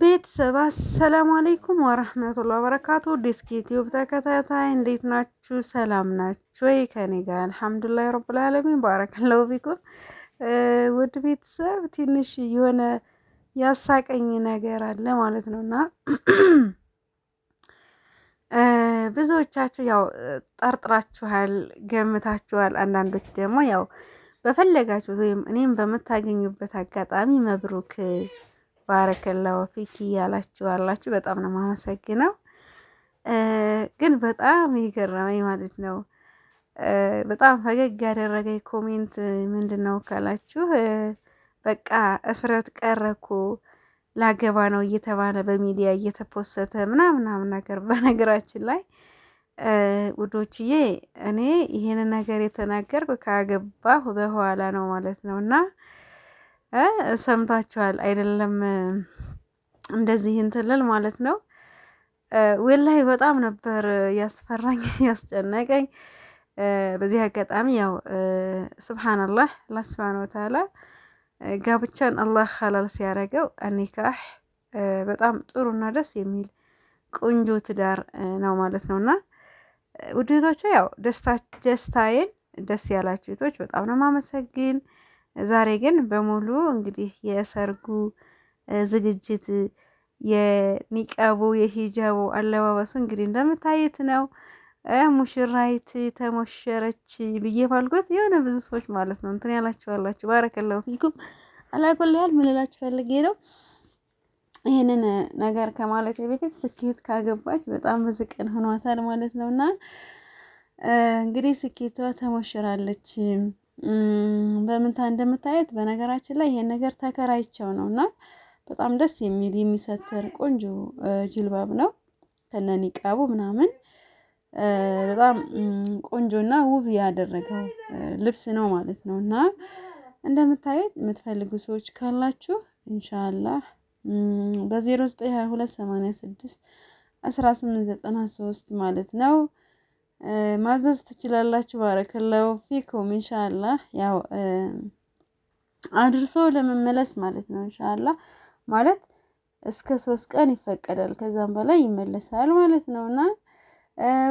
ቤተሰብ አሰላሙ አለይኩም ወረህመቱላ በረካቱ። ዲስክ ዩቲዩብ ተከታታይ እንዴት ናችሁ? ሰላም ናችሁ ወይ? ከኔ ጋር አልሐምዱሊላህ ረብል ባረከላሁ ፊኩም። ውድ ቤተሰብ ትንሽ የሆነ ያሳቀኝ ነገር አለ ማለት ነው እና ብዙዎቻችሁ ያው ጠርጥራችኋል፣ ገምታችኋል። አንዳንዶች ደግሞ ያው በፈለጋችሁት ወይም እኔም በምታገኙበት አጋጣሚ መብሩክ ባረከላው ፊኪ ያላችሁ አላችሁ። በጣም ነው የማመሰግነው። ግን በጣም የገረመኝ ማለት ነው በጣም ፈገግ ያደረገ ኮሜንት ምንድን ነው ካላችሁ፣ በቃ እፍረት ቀረኩ ላገባ ነው እየተባለ በሚዲያ እየተፖሰተ ምናምናምን ነገር በነገራችን ላይ ውዶችዬ እኔ ይህንን ነገር የተናገርኩ ካገባሁ በኋላ ነው ማለት ነው እና ሰምታችኋል አይደለም? እንደዚህ እንትልል ማለት ነው። ወላሂ በጣም ነበር ያስፈራኝ ያስጨነቀኝ። በዚህ አጋጣሚ ያው ስብሓንላህ አላህ ስብሓን ወተዓላ ጋብቻን አላህ ሀላል ሲያደርገው አኒካህ በጣም ጥሩና ደስ የሚል ቆንጆ ትዳር ነው ማለት ነው። እና ውድ እህቶቼ ያው ደስታዬን ደስ ያላችሁ ቶች በጣም ነው ማመሰግን ዛሬ ግን በሙሉ እንግዲህ የሰርጉ ዝግጅት የኒቀቡ የሂጃቡ አለባበሱ እንግዲህ እንደምታየት ነው። ሙሽራይት ተሞሸረች ብዬ ባልኩት የሆነ ብዙ ሰዎች ማለት ነው እንትን ያላችኋላችሁ ባረከላሁ ፊኩም አላቆላል ያህል እላችሁ ፈልጌ ነው። ይህንን ነገር ከማለት በፊት ስኬት ካገባች በጣም ብዙ ቀን ሆኗታል ማለት ነው እና እንግዲህ ስኬቷ ተሞሽራለች። በምንታ እንደምታየት በነገራችን ላይ ይሄን ነገር ተከራይቸው ነው እና በጣም ደስ የሚል የሚሰትር ቆንጆ ጅልባብ ነው ከነኒቃቡ ምናምን በጣም ቆንጆና ውብ ያደረገው ልብስ ነው ማለት ነው እና እንደምታዩት የምትፈልጉ ሰዎች ካላችሁ እንሻላ በ092286 1893 ማለት ነው ማዘዝ ትችላላችሁ። ባረከላሁ ፊኩም ኢንሻአላህ ያው አድርሶ ለመመለስ ማለት ነው። እንሻላ ማለት እስከ ሶስት ቀን ይፈቀዳል፣ ከዛም በላይ ይመለሳል ማለት ነውና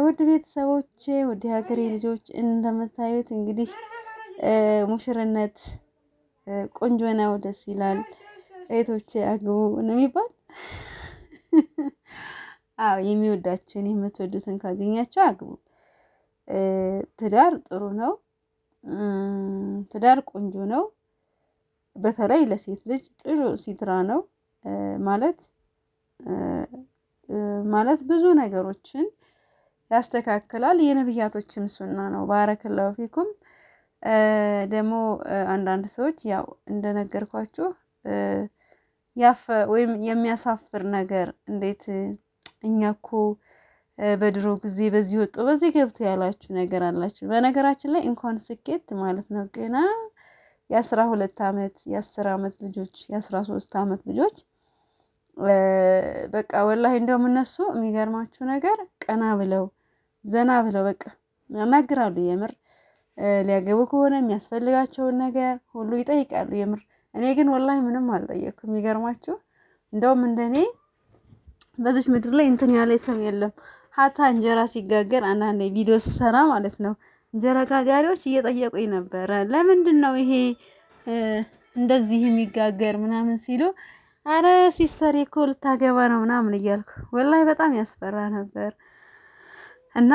ውድ ቤተሰቦቼ ውድ ሀገሬ ልጆች እንደምታዩት እንግዲህ ሙሽርነት ቆንጆ ነው፣ ደስ ይላል። እህቶቼ አግቡ ነው የሚባል። አዎ የሚወዳችሁን የምትወዱትን ካገኛቸው አግቡ። ትዳር ጥሩ ነው። ትዳር ቆንጆ ነው። በተለይ ለሴት ልጅ ጥሩ ሲትራ ነው። ማለት ማለት ብዙ ነገሮችን ያስተካክላል። የነብያቶችም ሱና ነው። ባረከላሁ ፊኩም። ደግሞ አንዳንድ ሰዎች ያው እንደነገርኳችሁ ያፈ ወይም የሚያሳፍር ነገር እንዴት እኛ እኮ በድሮ ጊዜ በዚህ ወጡ በዚህ ገብቶ ያላችሁ ነገር አላችሁ። በነገራችን ላይ እንኳን ስኬት ማለት ነው ገና የአስራ ሁለት አመት የአስር አመት ልጆች የአስራ ሶስት አመት ልጆች በቃ ወላሂ እንደውም እነሱ የሚገርማችሁ ነገር ቀና ብለው ዘና ብለው በቃ ያናግራሉ። የምር ሊያገቡ ከሆነ የሚያስፈልጋቸውን ነገር ሁሉ ይጠይቃሉ። የምር እኔ ግን ወላሂ ምንም አልጠየቅኩ። የሚገርማችሁ እንደውም እንደኔ በዚች ምድር ላይ እንትን ያለ ሰው የለም። ሀታ እንጀራ ሲጋገር አንዳንዴ ቪዲዮ ስሰራ ማለት ነው እንጀራ ጋጋሪዎች እየጠየቁኝ ነበረ። ለምንድን ነው ይሄ እንደዚህ የሚጋገር ምናምን ሲሉ፣ አረ ሲስተር እኮ ልታገባ ነው ምናምን እያልኩ ወላይ በጣም ያስፈራ ነበር። እና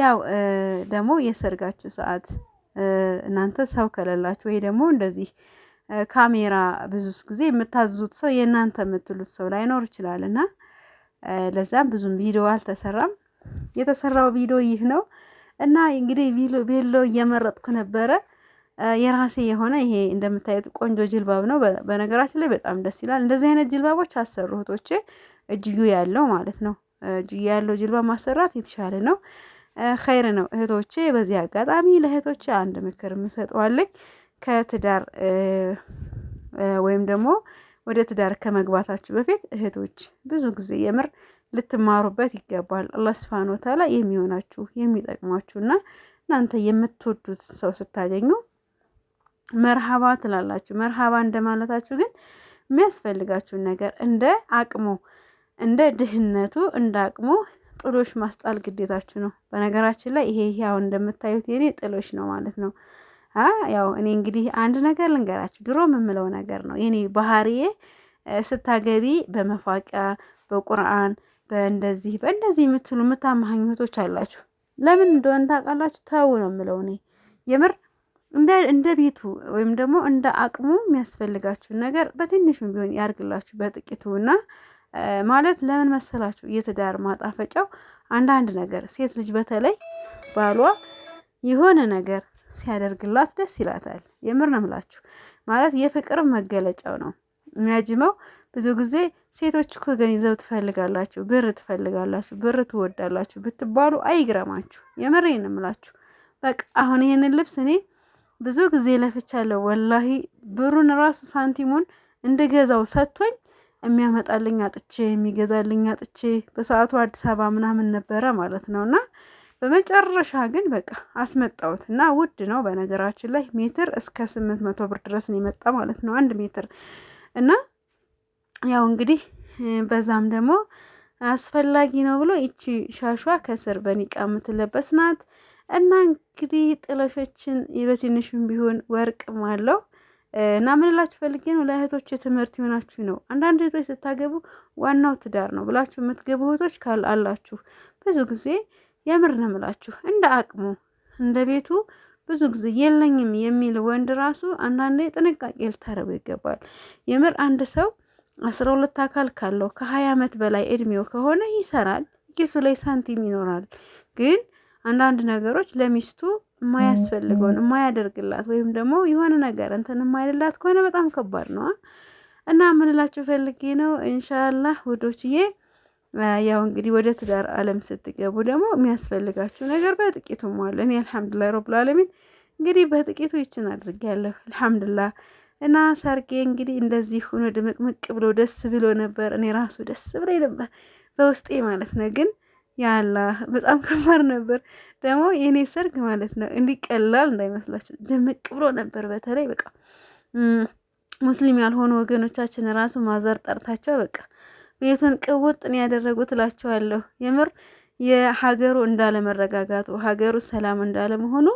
ያው ደግሞ የሰርጋችሁ ሰዓት እናንተ ሰው ከሌላችሁ ወይ ደግሞ እንደዚህ ካሜራ ብዙ ጊዜ የምታዝዙት ሰው የእናንተ የምትሉት ሰው ላይኖር ይችላል እና ለዛም ብዙም ቪዲዮ አልተሰራም። የተሰራው ቪዲዮ ይህ ነው እና እንግዲህ ቬሎ እየመረጥኩ ነበረ። የራሴ የሆነ ይሄ እንደምታዩት ቆንጆ ጅልባብ ነው። በነገራችን ላይ በጣም ደስ ይላል። እንደዚህ አይነት ጅልባቦች አሰሩ እህቶቼ፣ እጅዩ ያለው ማለት ነው። እጅዩ ያለው ጅልባብ ማሰራት የተሻለ ነው፣ ኸይር ነው እህቶቼ። በዚህ አጋጣሚ ለእህቶቼ አንድ ምክር የምሰጠዋለኝ ከትዳር ወይም ደግሞ ወደ ትዳር ከመግባታችሁ በፊት እህቶች ብዙ ጊዜ የምር ልትማሩበት ይገባል። አላህ ስብሐነ ወተዓላ የሚሆናችሁ የሚጠቅማችሁና እናንተ የምትወዱት ሰው ስታገኙ መርሃባ ትላላችሁ። መርሃባ እንደማለታችሁ ግን የሚያስፈልጋችሁን ነገር እንደ አቅሙ እንደ ድህነቱ እንደ አቅሙ ጥሎሽ ማስጣል ግዴታችሁ ነው። በነገራችን ላይ ይሄ አሁን እንደምታዩት የኔ ጥሎሽ ነው ማለት ነው። ያው እኔ እንግዲህ አንድ ነገር ልንገራችሁ፣ ድሮ የምምለው ነገር ነው። የኔ ባህሪዬ ስታገቢ በመፋቂያ በቁርአን በእንደዚህ በእንደዚህ የምትሉ የምታማኝ አላችሁ። ለምን እንደሆነ ታውቃላችሁ? ተው ነው የምለው እኔ የምር እንደ ቤቱ ወይም ደግሞ እንደ አቅሙ የሚያስፈልጋችሁን ነገር በትንሹም ቢሆን ያርግላችሁ በጥቂቱ እና ማለት ለምን መሰላችሁ የትዳር ማጣፈጫው አንዳንድ ነገር ሴት ልጅ በተለይ ባሏ የሆነ ነገር ሲያደርግላት ደስ ይላታል። የምር ነው ምላችሁ ማለት የፍቅር መገለጫው ነው። የሚያጅመው ብዙ ጊዜ ሴቶች እኮ ገንዘብ ትፈልጋላችሁ፣ ብር ትፈልጋላችሁ፣ ብር ትወዳላችሁ ብትባሉ አይግረማችሁ። የምር ነው ምላችሁ በቃ አሁን ይሄንን ልብስ እኔ ብዙ ጊዜ ለፍቻለሁ። ወላሂ ብሩን ራሱ ሳንቲሙን እንድገዛው ሰጥቶኝ የሚያመጣልኝ አጥቼ የሚገዛልኝ አጥቼ በሰዓቱ አዲስ አበባ ምናምን ነበረ ማለት ነውና በመጨረሻ ግን በቃ አስመጣሁት እና ውድ ነው በነገራችን ላይ ሜትር እስከ ስምንት መቶ ብር ድረስ ነው የመጣ ማለት ነው አንድ ሜትር እና ያው እንግዲህ በዛም ደግሞ አስፈላጊ ነው ብሎ ይቺ ሻሿ ከስር በኒቃ የምትለበስ ናት እና እንግዲህ ጥለሾችን በትንሹም ቢሆን ወርቅም አለው እና ምንላችሁ እላችሁ ፈልጌ ነው ለእህቶች ትምህርት ይሆናችሁ ነው። አንዳንድ እህቶች ስታገቡ ዋናው ትዳር ነው ብላችሁ የምትገቡ እህቶች አላችሁ ብዙ ጊዜ የምር ነው ምላችሁ እንደ አቅሙ እንደ ቤቱ ብዙ ጊዜ የለኝም የሚል ወንድ ራሱ አንዳንዴ ጥንቃቄ ልታደርጉ ይገባል። የምር አንድ ሰው አስራ ሁለት አካል ካለው ከሀያ ዓመት በላይ እድሜው ከሆነ ይሰራል፣ ኪሱ ላይ ሳንቲም ይኖራል። ግን አንዳንድ ነገሮች ለሚስቱ የማያስፈልገውን የማያደርግላት ወይም ደግሞ የሆነ ነገር እንትን የማይልላት ከሆነ በጣም ከባድ ነዋ። እና ምንላችሁ ፈልጌ ነው። ኢንሻላህ ውዶችዬ ያው እንግዲህ ወደ ትዳር አለም ስትገቡ ደግሞ የሚያስፈልጋችሁ ነገር በጥቂቱም አለ። እኔ አልሐምዱላ ረብል ዓለሚን እንግዲህ በጥቂቱ ይችን አድርጌያለሁ። አልሐምዱላ። እና ሰርጌ እንግዲህ እንደዚህ ሆኖ ድምቅምቅ ብሎ ደስ ብሎ ነበር። እኔ ራሱ ደስ ብሎኝ ነበር በውስጤ ማለት ነው። ግን ያላ በጣም ከባድ ነበር። ደግሞ የእኔ ሰርግ ማለት ነው እንዲህ ቀላል እንዳይመስላችሁ ድምቅ ብሎ ነበር። በተለይ በቃ ሙስሊም ያልሆኑ ወገኖቻችን ራሱ ማዘር ጠርታቸው በቃ ቤቱን ቅውጥን ያደረጉት እላቸዋለሁ። የምር የሀገሩ እንዳለመረጋጋቱ ሀገሩ ሰላም እንዳለመሆኑ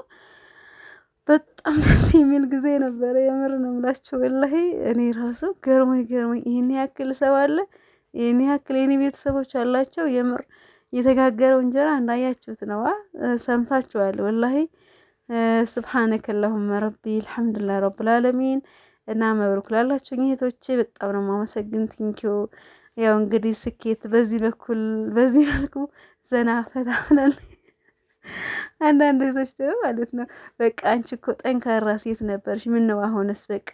በጣም ደስ የሚል ጊዜ ነበረ። የምር ነው የምላችሁ። ወላሂ እኔ ራሱ ገርሞኝ ገርሞኝ ይህን ያክል ሰው አለ፣ ይህን ያክል የኔ ቤተሰቦች አላቸው። የምር የተጋገረው እንጀራ እንዳያችሁት ነዋ። ሰምታችኋል። ወላሂ ስብሓነከ አላሁመ ረቢ አልሐምዱላ ረብል ዓለሚን እና መብሩክ ላላችሁ እህቶቼ በጣም ነው ማመሰግን ቲንኪዩ ያው እንግዲህ ስኬት በዚህ በኩል በዚህ መልኩ ዘና ፈታ አንዳንድ ሴቶች ደግሞ ማለት ነው በቃ አንቺ እኮ ጠንካራ ሴት ነበርሽ፣ ምን ነው አሁንስ በቃ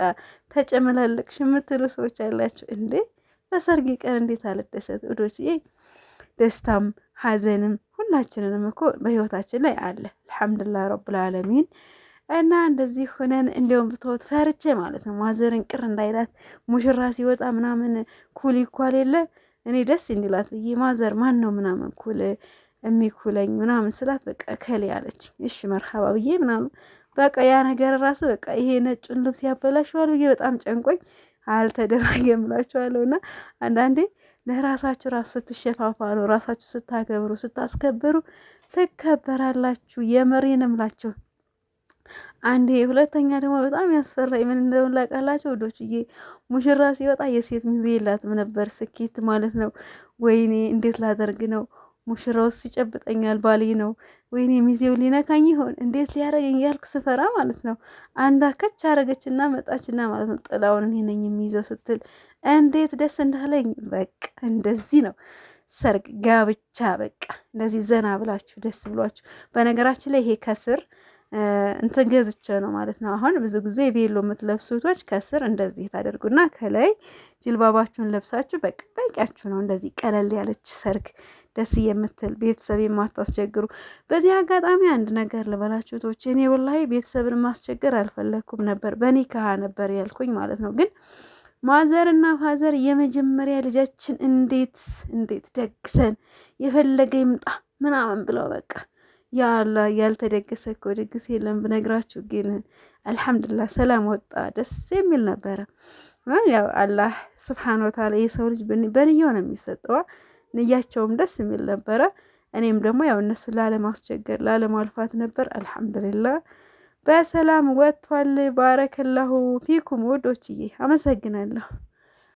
ተጨመላለቅሽ የምትሉ ሰዎች አላቸው። እንዴ? በሰርጌ ቀን እንዴት አልደሰት እዶች? ደስታም ሀዘንም ሁላችንንም እኮ በህይወታችን ላይ አለ። አልሐምዱሊላህ ረብል ዓለሚን እና እንደዚህ ሆነን እንዲሁም ብትወት ፈርቼ ማለት ነው ማዘርን ቅር እንዳይላት ሙሽራ ሲወጣ ምናምን ኩል ይኳል የለ እኔ ደስ እንዲላት ብዬ ማዘር ማን ነው ምናምን ኩል የሚኩለኝ ምናምን ስላት በቃ ከል ያለች እሺ መርሃባ ብዬ ምናምን በቃ ያ ነገር ራሱ በቃ ይሄ ነጩን ልብስ ያበላሸዋል ብዬ በጣም ጨንቆኝ አልተደረገም እላችኋለሁ። እና አንዳንዴ ለራሳችሁ ራሱ ስትሸፋፋሉ፣ ራሳችሁ ስታከብሩ፣ ስታስከብሩ ትከበራላችሁ። የምሬን እምላችሁ አንድ ሁለተኛ ደግሞ በጣም ያስፈራ ምን እንደሆነ ላቃላቸው ዶችዬ ሙሽራ ሲወጣ የሴት ሚዜ የላትም ነበር ስኬት ማለት ነው። ወይኔ እንዴት ላደርግ ነው? ሙሽራውስ ይጨብጠኛል ባሌ ነው። ወይኔ ሚዜው ሊነካኝ ይሆን? እንዴት ሊያደርገኝ ያልኩ ስፈራ ማለት ነው። አንዷ ከች አረገችና መጣችና ማለት ነው ጥላውን እኔ ነኝ የሚይዘው ስትል እንዴት ደስ እንዳለኝ። በቃ እንደዚህ ነው ሰርግ፣ ጋብቻ። በቃ እንደዚህ ዘና ብላችሁ ደስ ብሏችሁ። በነገራችን ላይ ይሄ ከስር እንትን ገዝቼ ነው ማለት ነው። አሁን ብዙ ጊዜ ቬሎ የምትለብሱ እህቶች ከስር እንደዚህ ታደርጉና ከላይ ጅልባባችሁን ለብሳችሁ በቃ በቂያችሁ ነው። እንደዚህ ቀለል ያለች ሰርግ ደስ የምትል ቤተሰብ የማታስቸግሩ። በዚህ አጋጣሚ አንድ ነገር ልበላችሁ እህቶች፣ እኔ ወላሂ ቤተሰብን ማስቸገር አልፈለግኩም ነበር፣ በኒካሃ ነበር ያልኩኝ ማለት ነው ግን ማዘር እና ፋዘር የመጀመሪያ ልጃችን እንዴት እንዴት ደግሰን የፈለገ ይምጣ ምናምን ብለው በቃ ያላ ያልተደገሰ እኮ ድግስ የለም ብነግራችሁ፣ ግን አልሐምዱሊላህ ሰላም ወጣ፣ ደስ የሚል ነበረ። ያው አላህ ስብሓን ወተዓላ የሰው ልጅ በንያው ነው የሚሰጠዋ። ንያቸውም ደስ የሚል ነበረ። እኔም ደግሞ ያው እነሱን ላለማስቸገር ላለማልፋት ነበር። አልሐምዱሊላህ በሰላም ወጥቷል። ባረከላሁ ፊኩም ወዶችዬ፣ አመሰግናለሁ።